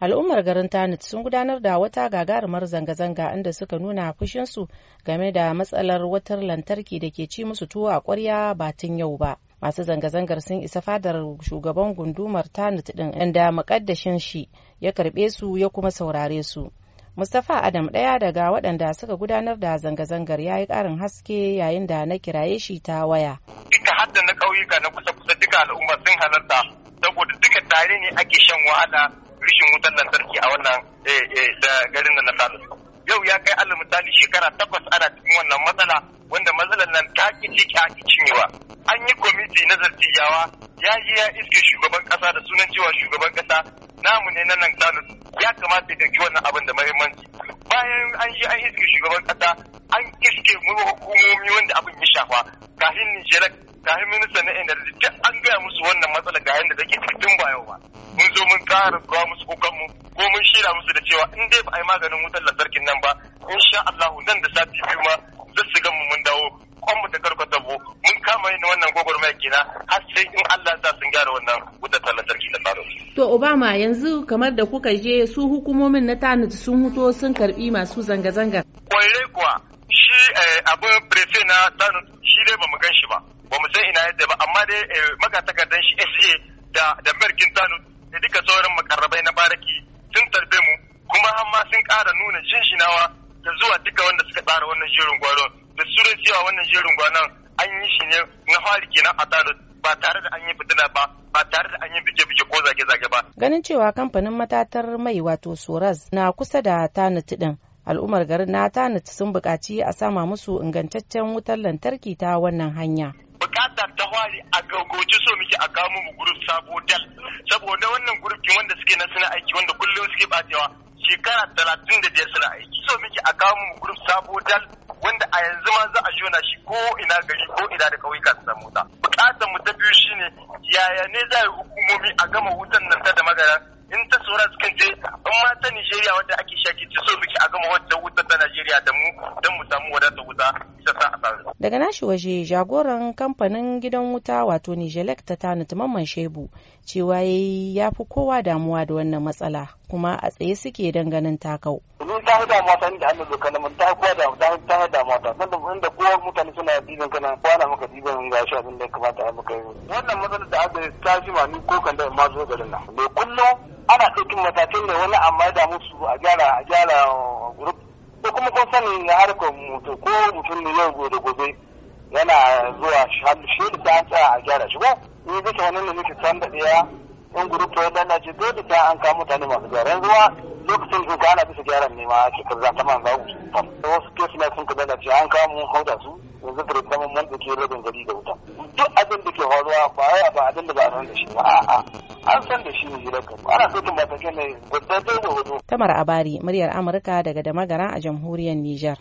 al'ummar garin tanit sun gudanar da wata gagarumar zanga-zanga inda suka nuna fushinsu game da matsalar wutar lantarki da ke ci musu tuwo a kwarya tun yau ba masu zanga-zangar sun isa fadar shugaban gundumar tanit din inda makaddashin shi ya karbe su ya kuma saurare su Mustapha Adam ɗaya daga waɗanda suka gudanar da zanga-zangar ya yi ƙarin haske yayin da na kiraye shi ta waya. Duka hadda na ƙauyuka na kusa-kusa duka al'umma sun halarta saboda duka tare ne ake shan wahala rishin wutan lantarki a wannan eh, eh, da garin da na samu yau ya kai alal misali shekara takwas ana cikin wannan matsala wanda matsalar nan ta ki ci ta ki cinyewa an yi kwamiti na zartijawa ya yi ya iske shugaban kasa da sunan cewa shugaban kasa namu ne na nan Kano ya kamata ya ɗauki wannan abin da muhimmanci bayan an yi an iske shugaban kasa an iske mu hukumomi wanda abin ya shafa kahin nijerak kahin ministan na energy an gaya musu wannan matsala ga yadda take ba yau ba mun zo mun tsara ruwa musu kukan mu ko mun shira musu da cewa in dai ba a yi maganin wutar lantarkin nan ba insha Allah nan da sati biyu ma zai shiga mu mun dawo kwan mu ta karkata bu mun kama yin wannan mai kina har sai in Allah ya sun gyara wannan wutar lantarki da tsaro. To Obama yanzu kamar da kuka je su hukumomin na tanit sun huto sun karbi masu zanga-zanga. Kwaire kuwa shi eh, abin prefe na tanit shi dai ba mu gan shi ba. ba mu san ina yadda ba amma dai eh, magatakardan shi SA da da merkin Tanu da duka sauran makarrabai na baraki sun tarbe mu kuma har ma sun ƙara nuna shinshinawa da zuwa duka wanda suka tsara wannan jerin gwaron da suran cewa wannan jerin gwanon an yi shi ne na fari kenan a Tanu ba tare da an yi fitina ba ba tare da an yi bike-bike ko zage-zage ba. Ganin cewa kamfanin matatar mai wato Soras na kusa da tanu din al'ummar garin na tanit sun bukaci a sama musu ingantaccen wutar lantarki ta wannan hanya. bukata ta hwari a gagoce so muke a kawo mu gurup sabo dal saboda wannan gurupin wanda suke na suna aiki wanda kullum suke batewa shekara talatin da biyar suna aiki so muke a kawo mu gurup sabo dal wanda a yanzu ma za a shona shi ko ina gari ko ina da kauyuka su samu ta bukatar mu ta biyu shine yaya ne za hukumomi a gama wutan nan ta da magana in ta tsora sukan je in ma ta Nijeriya wadda ake shaki ce daga nashi waje jagoran kamfanin gidan wuta wato nijelek ta tanu mamman shebu cewa ya fi kowa damuwa da wannan matsala kuma a tsaye suke danganin takau mun ta da mata inda an zo kana mun ta kuwa da ta ta da mata sanda inda kowa mutane suna diban kana kwana maka diban mun gashi abin da ya kamata a maka wannan matsalar da aka ta jima ni ko kan da ma zo garin nan kullum ana ɗaukin matakin da wani amma da musu a gyara a gyara uh, group kan harkar mutu ko mutum ne yau da gobe yana zuwa shi da an tsaya a gyara shi ba ni bisa wani ne muke san da ya in group to yadda ce dole ta an kawo mutane masu gyara yanzu ma lokacin su kana bisa gyaran ne ma ake karzan ta man zaku wasu kesu na sun ka ce an kawo mun hauda su yanzu da mun mun ke rabin gari da wuta duk abin da ba a san da shi ba a'a an san da shi ne gidan kanku ana ɗaukan matakai ne gudanar da hudu. Tamar Abari muryar Amurka daga Damagara a jamhuriyar Nijar.